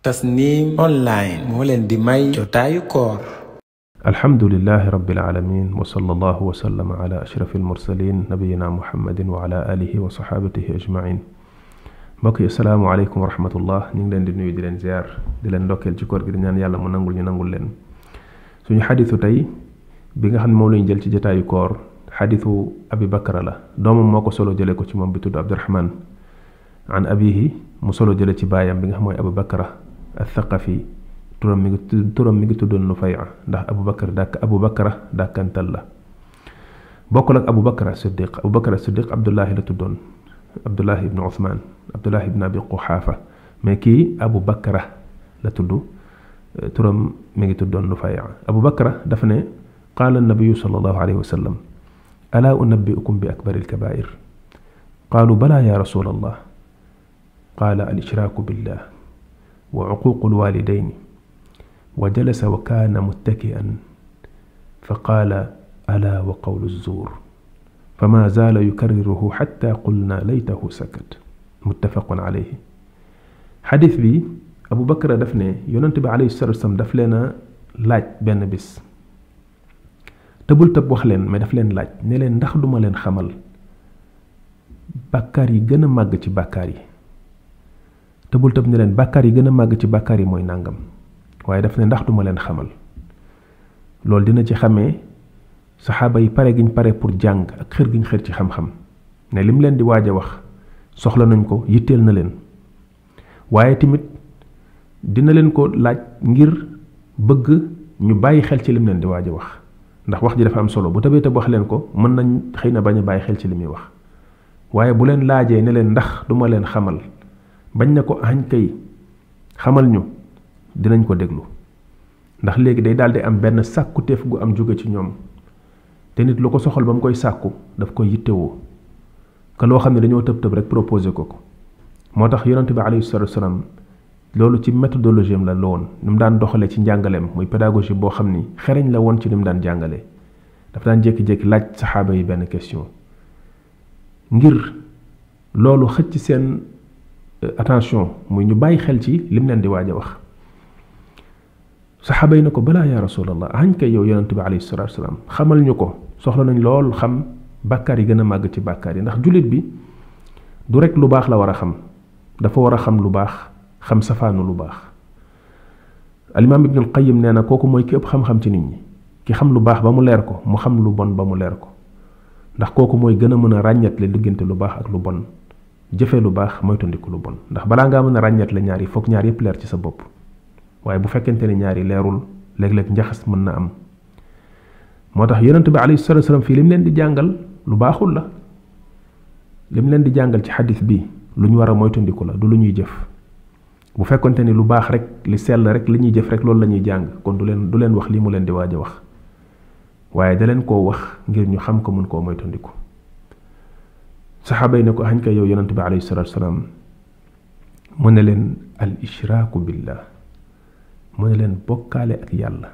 تسنيم اونلاين moo leen di may jotaayu koor الحمد لله رب العالمين وصلى الله وسلم على أشرف المرسلين نبينا محمد وعلى آله وصحابته أجمعين mbokk yi asalaamaaleykum wa rahmatullah ñu ngi leen di nuyu di leen ziar di leen ndokkeel ci koor gi di ñaan yàlla mu nangul ñu nangul leen suñu xadisu tey bi nga xam ne moom lañu jël ci jataayu koor xadisu abi bakara la doomam moo ko solo jële ko ci moom bi tudd abdurahman an abihi mu solo jële ci baayam bi nga xam mooy abu bakara الثقفي ترم ميغ تودون نفيع ده ابو بكر داك ابو بكر داك انت الله بوكلك ابو بكر الصديق ابو بكر الصديق عبد الله لتدون عبد الله بن عثمان عبد الله بن ابي قحافه ميكي ابو بكر لتدو ترم ميغ تودون نفيع ابو بكر دفنه قال النبي صلى الله عليه وسلم الا انبئكم باكبر الكبائر قالوا بلى يا رسول الله قال الاشراك بالله وعقوق الوالدين وجلس وكان متكئا فقال ألا وقول الزور فما زال يكرره حتى قلنا ليته سكت متفق عليه حديث بي أبو بكر دفنه يننتبه عليه السر السم دفلنا لاج بين بس تبول تب وخلين ما دفلين لاج نلين دخلو ما لين خمل بكاري جن ماغتي بكاري te bul tëb ne leen bàkkaar yi gën a màgg ci bàkkaar yi mooy nàngam waaye daf ne ndax duma leen xamal loolu dina ci xamee saxaaba yi pare giñ pare pour jàng ak xër giñ xër ci xam-xam ne lim leen di waaj a wax soxla nañ ko yitteel na leen waaye tamit dina leen ko laaj ngir bëgg ñu bàyyi xel ci lim leen di waaj a wax ndax wax ji dafa am solo bu tëbee tëb wax leen ko mën nañ xëy na bañ a bàyyi xel ci li muy wax waaye bu leen laajee ne leen ndax duma leen xamal bañ ne ko añ kay xamal ñu dinañ ko déglu ndax léegi day daal di am benn sàkkuteef gu am jóge ci ñoom te nit lu ko soxal ba mu koy sàkku daf koy yittewoo ka loo xam ne dañoo tëb tëb rek proposé ko ko moo tax yonente bi alayhi salatu wasalaam loolu ci méthodologie am la loon ni mu daan doxale ci njàngaleem muy pédagogie boo xam ni xereñ la woon ci ni mu daan jàngale daf daan jékki-jékki laaj saxaaba yi benn question ngir loolu xëcc seen attention muy ñu bàyyi xel ci lim leen di waaj a wax saxaaba yi ne ko balaa yaa allah añ kay yow yonente bi alayhi salatu wasalaam xamal ñu ko soxla nañ lool xam bàkkaar yi gën a màgg ci bàkkaar yi ndax julit bi du rek lu baax la war a xam dafa war a xam lu baax xam safaanu lu baax alimam ibnul qayim nee na kooku mooy ki ëpp xam-xam ci nit ñi ki xam lu baax ba mu leer ko mu xam lu bon ba mu leer ko ndax kooku mooy gën a mën a ràññatle diggante lu baax ak lu bon jëfee lu baax moytandiku lu bon ndax balaa ngaa mën a ràññeet la ñaar yi foog ñaar yépp leer ci sa bopp waaye bu fekkente ne ñaar yi leerul léeg-léeg njaxas mën na am moo tax yonent bi alayhi salatu wasallam fii lim leen di jàngal lu baaxul la lim leen di jàngal ci xadis bi lu ñu war a moytandiku la du lu ñuy jëf bu fekkante ni lu baax rek li sell rek li ñuy jëf rek loolu la ñuy jàng kon du leen du leen wax lii mu leen di waaj a wax waaye da leen koo wax ngir ñu xam ko mun koo moytandiku saxaaba yi ne ko xañ ka yow yonent bi alayhi salatu wasalaam mu ne leen al ishraaku billah mu ne leen bokkaale ak yàlla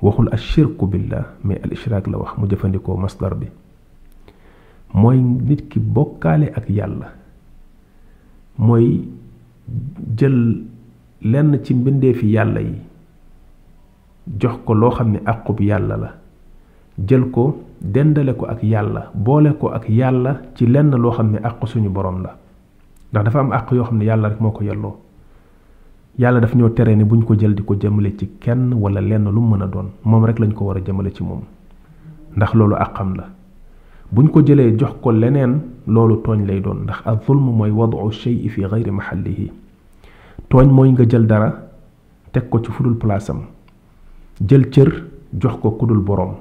waxul ashirku billah mais al ishraak la wax mu jëfandikoo masdar bi mooy nit ki bokkaale ak yàlla mooy jël lenn ci mbindeefi yàlla yi jox ko loo xam ne àqub yàlla la jël ko dendale ko ak yàlla boole ko ak yàlla ci lenn loo xam ne àq suñu borom la ndax dafa am àq yoo xam ne yàlla rek moo ko yelloo yàlla daf ñoo tere ne buñ ko jël di ko jëmale ci kenn wala lenn lu mën a doon moom rek lañ ko war a jëmale ci moom ndax loolu àqam la buñ ko jëlee jox ko leneen loolu tooñ lay doon ndax al zulm mooy wadu shay fi gayri mahallihi tooñ mooy nga jël dara teg ko ci fudul place am jël cër jox ko kudul borom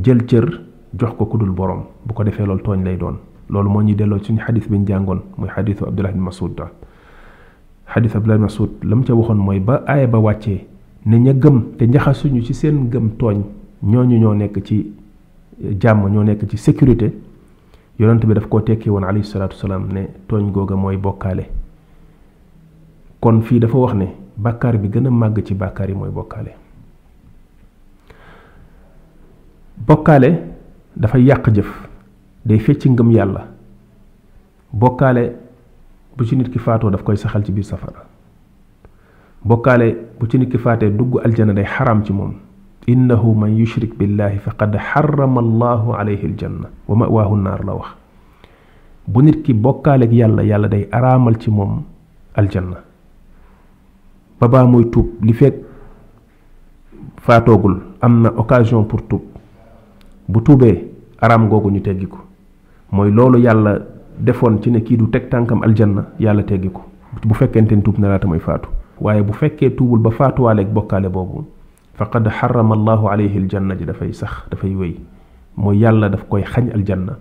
jël cër jox ko kudul borom bu ko defee loolu tooñ lay doon loolu moo ñuy delloo suñu xadis bi ñu jàngoon muy xadisu Abdullah bin Masud daal xadis Abdullah bin Masud la mu ca waxoon mooy ba aaya ba wàccee ne ña gëm te njaxasuñu ci seen gëm tooñ ñooñu ñoo nekk ci eh, jàmm ñoo nekk ci sécurité yonent bi daf koo tekki woon alayhi salaatu salaam ne tooñ googa mooy bokkaale kon fii dafa wax ne bàkkaar bi gën a màgg ci bàkkaar yi mooy bokkaale bokale dafa yàq jëf day fecc ngëm yàlla bokale bu ci nit ki faatoo daf koy saxal ci biir safara bokale bu ci nit ki faatee dugg aljana day xaram ci moom innahu man yushrik billahi faqad harrama allahu alayhi aljanna wa ma'wahu an-nar la wax bu nit ki bokale ak yàlla yàlla day aramal ci moom aljanna baba muy tuub li fek faatoogul am na occasion pour tuub bu tuubee aram googu ñu teggi ko mooy loolu yàlla defoon ci ne kii du teg tànkam aljanna yàlla teggi ko bu fekkente tuub na laata muy faatu waaye bu fekkee tuubul ba faatuwaaleeg bokkaale boobu faqad harrama allahu alayhi aljanna ji dafay sax dafay wéy mooy yàlla daf koy xañ aljanna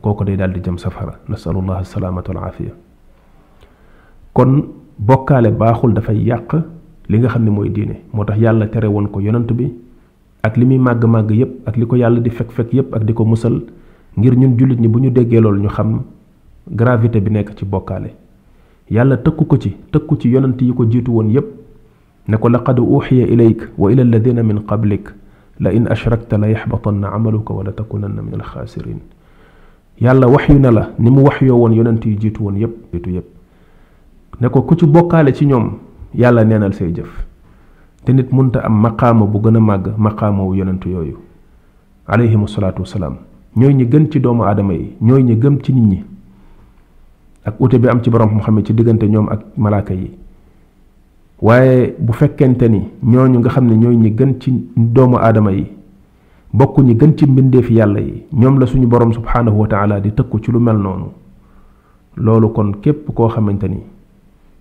kooku day daal di jëm safara nasalullah salaamatu alaafiya kon bokkaale baaxul dafay yàq li nga xam ne mooy diine moo tax yàlla tere woon ko yonant bi ak limi mag mag yep ak liko yàlla di fek fek yep ak diko ko musal ngir ñun julit ñi buñu déggé déggee ñu xam gravité bi nekk ci bokalé yàlla tëkku ko ci tëkku ci yonent yi ko jiitu woon ne ko laqad uhiya ilayk wa ila alladhina min qablik la in ashrakta la yahbatanna amaluka la takunanna min al-khasirin yàlla waxyu na la ni mu wahyo won yonent yi jiitu woon yépp jiitu ne ko ku ci bokalé ci ñom yàlla neenal sey jëf te nit munta am maqaama bu gën a màgg maqaama wu yooyu aleyhimu salaatu salaam ñooy ñi gën ci doomu aadama yi ñooy ñi gëm ci nit ñi ak ute bi am ci borom xam-xam ci diggante ñoom ak malaaka yi waaye bu fekkente ni ñooñu nga xam ne ñooy ñi gën ci doomu aadama yi bokkuñu gën ci mbindeef yàlla yi ñoom la suñu borom subhaanahu wa taala di tëkku ci lu mel noonu loolu kon képp koo xamante ni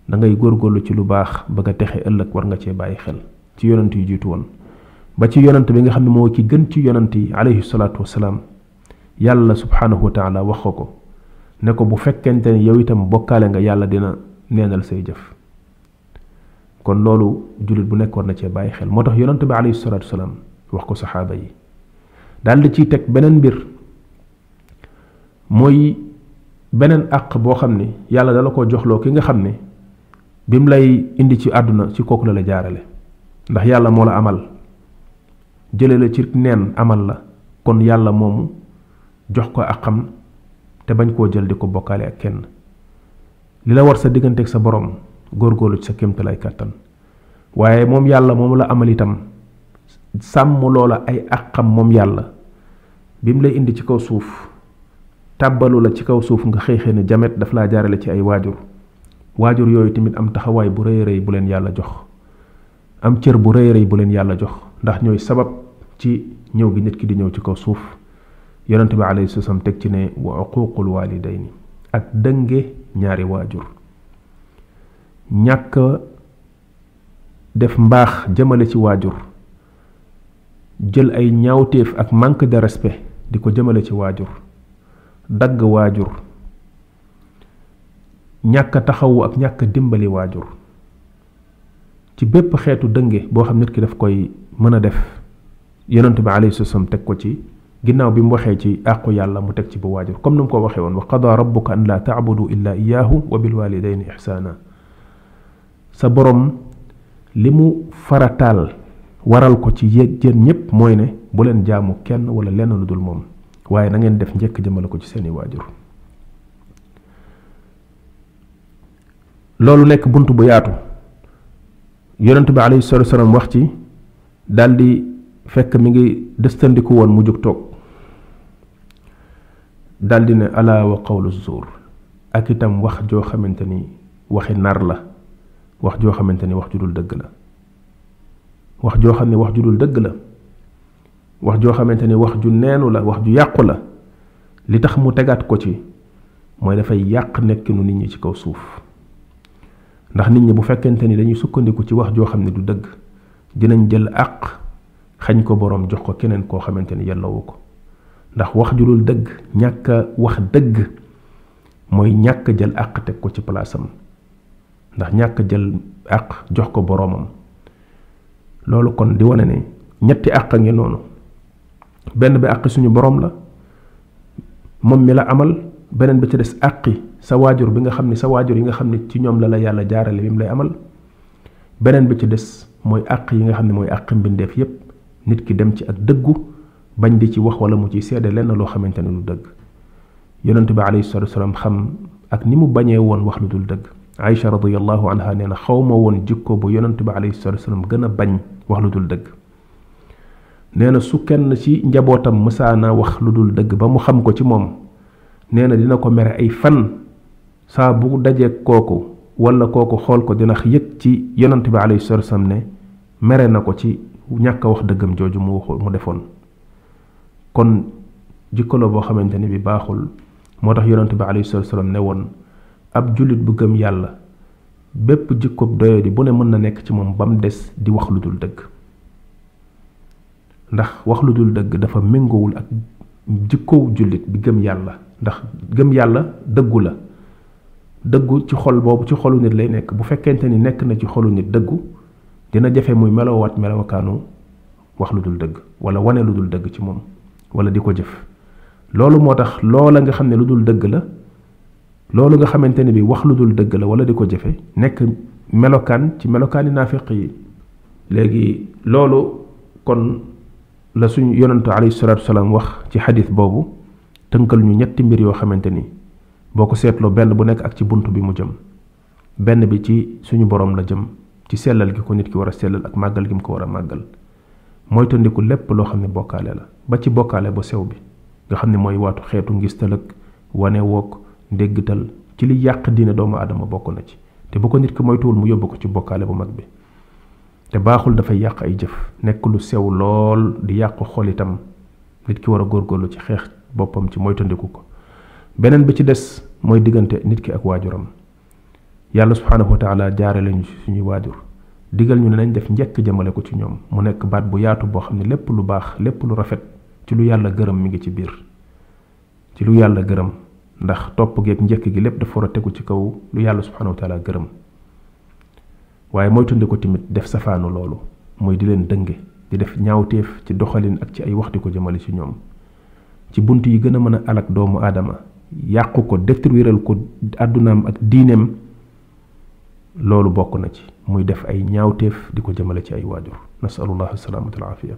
da ngay góorgóorlu ci lu baax ba nga texe ëllëg war nga cee bàyyi xel ci yonant yu jiitu woon ba ci yonant bi nga xam ne moo ki gën ci yonant yi alayhi salaatu wasalaam yàlla subhanahu wa taala wax ko ne ko bu fekkente ne yow itam bokkaale nga yàlla dina neenal say jëf kon loolu julit bu nekk na cee bàyyi xel moo tax yonant bi alayhi salaatu wasalaam wax ko saxaaba yi daal di ciy teg beneen mbir mooy beneen àq boo xam ne yàlla dala ko joxloo ki nga xam ne bi mu lay indi ci àdduna ci kooku la la jaarale ndax yàlla moo la amal jële la ci neen amal la kon yàlla moomu jox ko ak xam te bañ koo jël di ko bokkaale ak kenn li la war sa diggante sa borom góorgóorlu ci sa kéemtalaay kàttan waaye moom yàlla moomu la amal itam sàmm loola ay ak xam moom yàlla bi lay indi ci kaw suuf tàbbalu la ci kaw suuf nga xëy xëy ne jamet daf laa jaarale ci ay waajur waajur yooyu tamit am taxawaay bu rëy rëy bu leen yàlla jox am cër bu rëy rëy bu leen yàlla jox ndax ñooy sabab ci ñëw gi nit ki di ñëw ci ko suuf yonente bi alayhi salaam teg ci ne waa wa uququl walidayni ak dënge ñaari waajur ñàkk def mbaax jëmale ci waajur jël ay ñaawteef ak manque de respect di ko jëmale ci waajur dagg waajur ñàkk taxaw ak ñàkk dimbali waajur ci bépp xeetu dënge boo xam nit ki daf koy mën a def yonent bi alayhi salaam teg ko ci ginnaaw bi mu waxee ci àqu yàlla mu teg ci bu waajur comme nu ko waxee woon wa qada rabbuka an la taabudu illa iyaahu wa bil walidayni ihsaana sa borom li mu farataal waral ko ci jën ñépp mooy ne bu leen jaamu kenn wala lenn lu dul moom waaye na ngeen def njëkk jëmale ko ci seeni waajur loolu nekk bunt bu yaatu yonent bi alayhi salatu wasalam wax ci daal di fekk mi ngi dëstandiku woon mu jóg toog daal di ne ala wa qawlu zuur ak itam wax joo xamante ni waxi nar la wax joo xamante ni wax ju dul dëgg la wax joo xam ne wax ju dul dëgg la wax joo xamante ni wax ju neenu la wax ju yàqu la li tax mu tegaat ko ci mooy dafay yàq nekkinu nit ñi ci kaw suuf ndax nit ñi bu fekkente ni dañuy sukkandiku ci wax joo xam ne du dëgg dinañ jël àq xañ ko borom jox ko keneen koo xamante ni yellawu ko ndax wax julul dëgg ñàkk wax dëgg mooy ñàkk jël àq teg ko ci palaasam ndax ñàkk jël àq jox ko boromam loolu kon di wane ne ñetti àq ngi noonu benn bi àq suñu borom la moom mi la amal benen ba ci des àqi sa wajur bi nga xamni sa wajur yi nga xamni ci ñom la la yàlla jaarale bi mu lay amal benen ba ci des moy aqi yi nga xamni moy aqi mbindef yep nit ki dem ci ak dëggu bañ di ci wax wala mu ci sédé lén lo xamanteni lu deug yonente bi alayhi salatu wasalam xam ak ni mu bañé won wax lu dul deug aisha radiyallahu anha neena xawma won jikko bu yonente bi alayhi salatu wasalam gëna bañ wax lu dul deug neena su kenn ci njabotam musana wax lu dul deug ba mu xam ko ci mom nee na dina ko mere ay fan saa bu dajee kooku walla kooku xool ko dina yëg ci yonant bi alayhi salaatu wa salaam ne mere na ko ci ñàkk wax dëggam jooju mu waxul mu defoon kon jikko boo xamante ni bi baaxul moo tax yonent bi alayhi salaatu wa salaam ne woon ab jullit bu gëm yàlla bépp jikkob doyadi bu ne mën na nekk ci moom ba mu des di wax lu dul dëgg ndax wax lu jul dëgg dafa méngoowul ak jikkoow jullit bi gëm yàlla ndax gëm yàlla dëggu la dëggu ci xol boobu ci xolu nit lay nekk bu fekkente ni nekk na ci xolu nit dëggu dina jafe muy melowaat melokaanu wax lu dul dëgg wala wane lu dul dëgg ci moom wala di ko jëf loolu moo tax loola nga xam ne lu dul dëgg la loolu nga xamante ne bi wax lu dul dëgg la wala di ko jafe nekk melokaan ci melokaani naafiq yi léegi loolu kon la suñu yonantu alayhi salaatu salaam wax ci xadis boobu tënkal ñu ñetti mbir yoo xamante ni boo ko seetloo benn bu nekk ak ci bunt bi mu jëm benn bi ci suñu boroom la jëm ci sellal gi ko nit ki war a sellal ak màggal gi mu ko war a màggal mooy lépp loo xam ne bokkaale la ba ci bokkaale bu sew bi nga xam ne mooy waatu xeetu ngistal ak wane woog ndéggtal ci li yàq diine doomu aadama bokk na ci te bu ko nit ki moytuwul mu yóbbu ko ci bokkaale bu mag bi te baaxul dafay yàq ay jëf nekk lu sew lool di yàq xol itam nit ki war a góor góorlu ci xeex boppam ci moytandiku ko beneen bi ci des mooy diggante nit ki ak waajuram yàlla subhaanahu wa taala jaare lañu suñuy waajur digal ñu ne nañ def njëkk jëmale ko ci ñoom mu nekk baat bu yaatu boo xam ne lépp lu baax lépp lu rafet ci lu yàlla gërëm mi ngi ci biir ci lu yàlla gërëm ndax topp geeg njëkk gi lépp dafa war a tegu ci kaw lu yàlla subhaanahu wa taala gërëm waaye mooy ko tamit def safaanu loolu mooy di leen dënge di def ñaawteef ci doxalin ak ci ay wax di ko jëmale ci ñoom ci bunt yi gën a mën a alak doomu aadama yàqu ko def détruiral ko àddunaam ak diineem loolu bokk na ci muy def ay ñaawteef di ko jëmale ci ay waajur nasalullahu salaamata alaafiya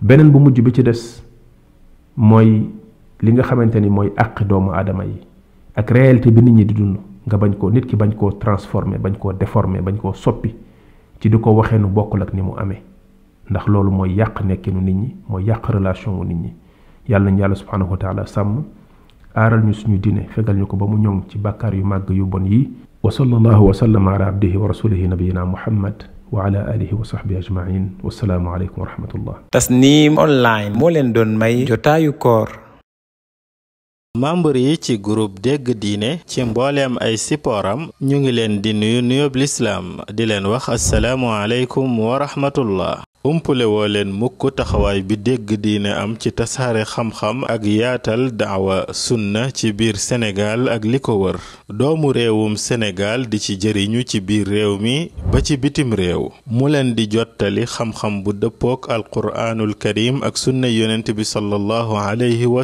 beneen bu mujj bi ci des mooy li nga xamante ni mooy àq doomu aadama yi ak réalité bi nit ñi di dund nga bañ koo nit ki bañ koo transformé bañ koo deformé bañ koo soppi ci di ko waxee nu bokkul ak ni mu amee ndax loolu mooy yàq nekkinu nit ñi mooy yàq relation wu nit ñi yàlla nañu yàlla subhanahu wa taala sàmm aaral ñu suñu dine fegal ñu ko ba mu ñoŋ ci bàkkaar yu màgg yu bon yi wa sallallahu wa sallama ala abdihi wa rasulihi nabiyina muhammad wa ala alihi wa sahbihi ajmain wasalaamu aleykum wa rahmatullah tasnim online moo leen doon may jotaayu koor membre yi ci groupe dégg diine ci mbooleem ay sipooram ñu ngi leen di nuyu nuyoob lislaam di leen wax asalaamu aleykum wa rahmatullah umpule woo leen mukk taxawaay bi dégg diine am ci tasaare xam-xam ak yaatal daawa sunna ci biir senegaal ak li ko wër doomu réewum Sénégal di ci jëriñu ci biir réew mi ba ci bitim réew mu leen di jottali xam-xam bu dëppook alquraanul karim ak sunna yonent bi sallallahu alayhi wa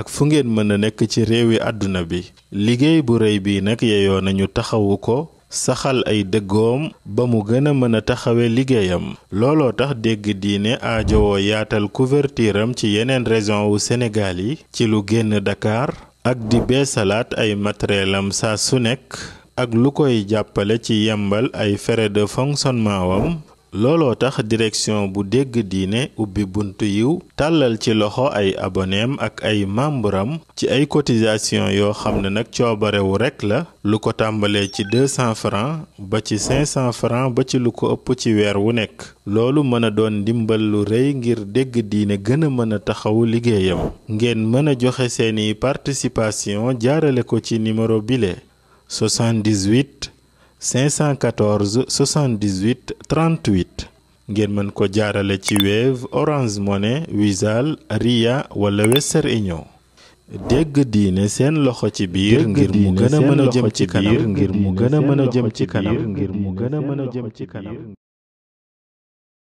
ak fu ngeen mën a nekk ci réewi àdduna bi liggéey bu rëy bii nag yeyoo nañu taxawu ko saxal ay dëggoom ba mu gën a mën a taxawe liggéeyam looloo tax dégg diine aajowoo yaatal couverture ci yeneen région wu Sénégal yi ci lu génn Dakar ak di beesalaat ay matériel am saa su nekk ak lu koy jàppale ci yembal ay frais de fonctionnement wam looloo tax direction bu dégg diine ubbi buntu yiw tàllal ci loxo ay aboneem ak ay membram ci ay cotisation yoo xam ne nag coobarewu rekk la lu ko tàmbalee ci 200 francs ba ci 500 francs ba ci lu ko ëpp ci weer wu nekk loolu mën a doon ndimbal lu rëy ngir dégg diine gën a mën a taxawu liggéeyam ngeen mën a joxe seeni participation jaarale ko ci numéro bile 78 514 78 38 ngeen mën ko jaarale ci Wave Orange Money Wizall Ria wala Western Union. dégg diine seen loxo ci biir ngir mu gën a mën a jëm ci kanam ngir mu gën a mën a jëm ci kanam ngir mu gën a mën a jëm ci kanam.